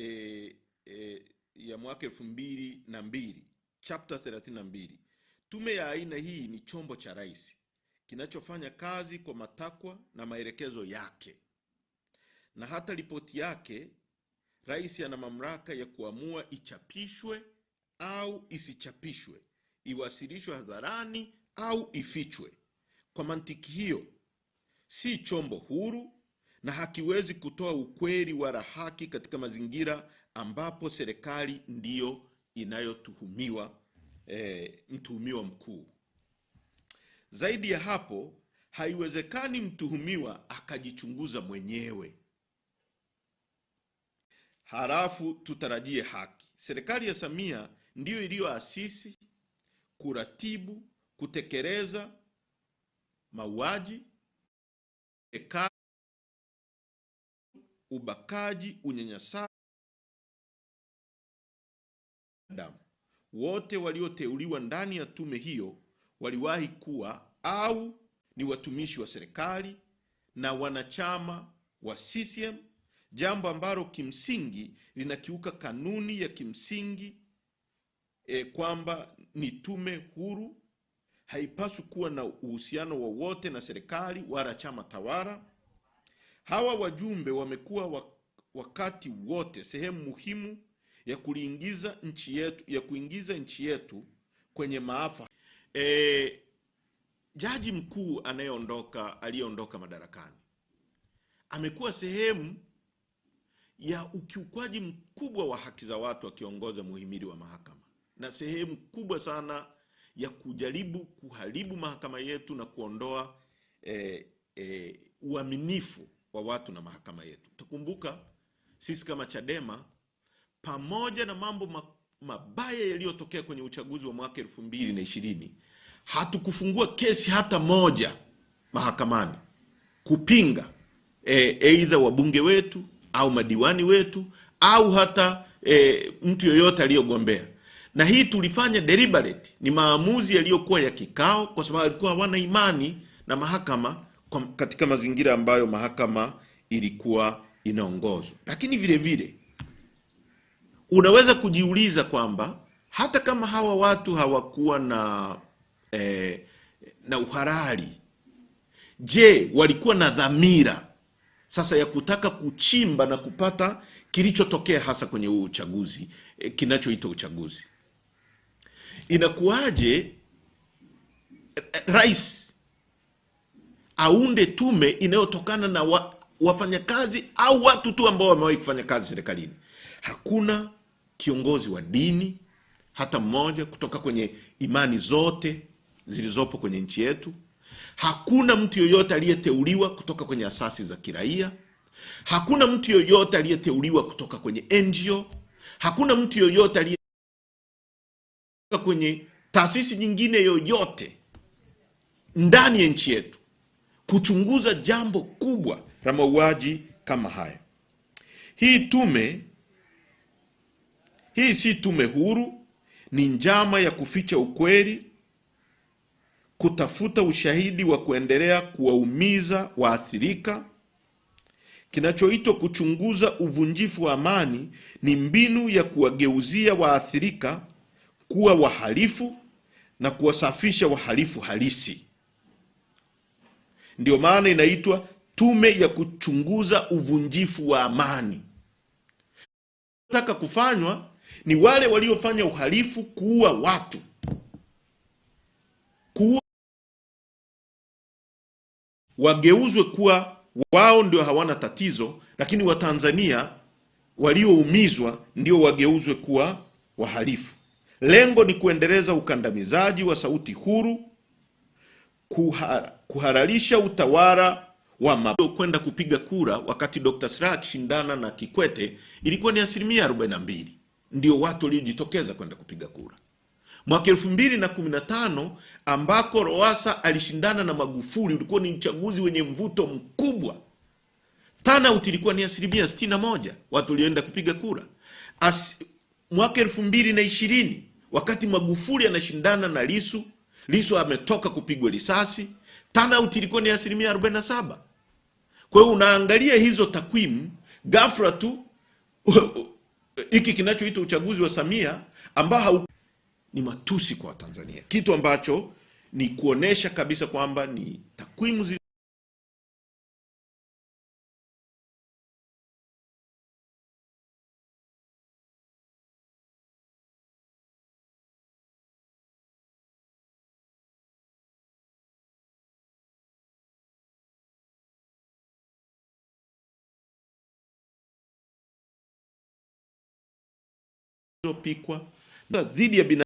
e, e, ya mwaka elfu mbili na mbili na 32. Tume ya aina hii ni chombo cha rais kinachofanya kazi kwa matakwa na maelekezo yake, na hata ripoti yake rais ana mamlaka ya kuamua ichapishwe au isichapishwe, iwasilishwe hadharani au ifichwe. Kwa mantiki hiyo, si chombo huru na hakiwezi kutoa ukweli wala haki katika mazingira ambapo serikali ndiyo inayotuhumiwa e, mtuhumiwa mkuu. Zaidi ya hapo, haiwezekani mtuhumiwa akajichunguza mwenyewe halafu tutarajie haki. Serikali ya Samia ndiyo iliyoasisi, kuratibu, kutekeleza mauaji, ubakaji, unyanyasaji damu. Wote walioteuliwa ndani ya tume hiyo waliwahi kuwa au ni watumishi wa serikali na wanachama wa CCM, jambo ambalo kimsingi linakiuka kanuni ya kimsingi e, kwamba ni tume huru, haipaswi kuwa na uhusiano wowote na serikali wala chama tawala. Hawa wajumbe wamekuwa wakati wote sehemu muhimu ya kuingiza nchi yetu ya kuingiza nchi yetu kwenye maafa. E, jaji mkuu anayeondoka aliyeondoka madarakani amekuwa sehemu ya ukiukwaji mkubwa wa haki za watu akiongoza muhimili wa mahakama na sehemu kubwa sana ya kujaribu kuharibu mahakama yetu na kuondoa e, e, uaminifu wa watu na mahakama yetu. Tukumbuka sisi kama Chadema, pamoja na mambo mabaya yaliyotokea kwenye uchaguzi wa mwaka elfu mbili na ishirini, hatukufungua kesi hata moja mahakamani kupinga e, e, wabunge wetu au madiwani wetu au hata e, mtu yoyote aliyogombea na hii tulifanya deliberate, ni maamuzi yaliyokuwa ya kikao, kwa sababu walikuwa hawana imani na mahakama katika mazingira ambayo mahakama ilikuwa inaongozwa. Lakini vile vile unaweza kujiuliza kwamba hata kama hawa watu hawakuwa na eh, na uharari je, walikuwa na dhamira sasa ya kutaka kuchimba na kupata kilichotokea hasa kwenye huu uchaguzi eh, kinachoita uchaguzi? Inakuwaje eh, eh, rais aunde tume inayotokana na wa, wafanyakazi au watu tu ambao wamewahi kufanya kazi serikalini. Hakuna kiongozi wa dini hata mmoja kutoka kwenye imani zote zilizopo kwenye nchi yetu. Hakuna mtu yoyote aliyeteuliwa kutoka kwenye asasi za kiraia. Hakuna mtu yoyote aliyeteuliwa kutoka kwenye NGO. Hakuna mtu yoyote aliye kwenye taasisi nyingine yoyote ndani ya nchi yetu kuchunguza jambo kubwa la mauaji kama haya Hii tume hii si tume huru, ni njama ya kuficha ukweli, kutafuta ushahidi wa kuendelea kuwaumiza waathirika. Kinachoitwa kuchunguza uvunjifu wa amani ni mbinu ya kuwageuzia waathirika kuwa wahalifu na kuwasafisha wahalifu halisi. Ndio maana inaitwa tume ya kuchunguza uvunjifu wa amani. Taka kufanywa ni wale waliofanya uhalifu, kuua watu, kuua wageuzwe kuwa wao ndio hawana tatizo, lakini Watanzania walioumizwa ndio wageuzwe kuwa wahalifu. Lengo ni kuendeleza ukandamizaji wa sauti huru kuhara kuhalalisha utawala wa mabao kwenda kupiga kura wakati Dr. Slaa akishindana na Kikwete ilikuwa ni asilimia 42 ndio watu waliojitokeza kwenda kupiga kura. Mwaka elfu mbili na kumi na tano ambako Lowassa alishindana na Magufuli ulikuwa ni uchaguzi wenye mvuto mkubwa. Turnout ilikuwa ni asilimia sitini na moja watu walioenda kupiga kura. As, mwaka elfu mbili na ishirini wakati Magufuli anashindana na Lisu, Lisu ametoka kupigwa risasi turnout ilikuwa ni asilimia 47. Kwa hiyo unaangalia hizo takwimu ghafla tu hiki kinachoitwa uchaguzi wa Samia ambao hau... ni matusi kwa Tanzania, kitu ambacho ni kuonesha kabisa kwamba ni takwimu lililopikwa dhidi ya binadamu.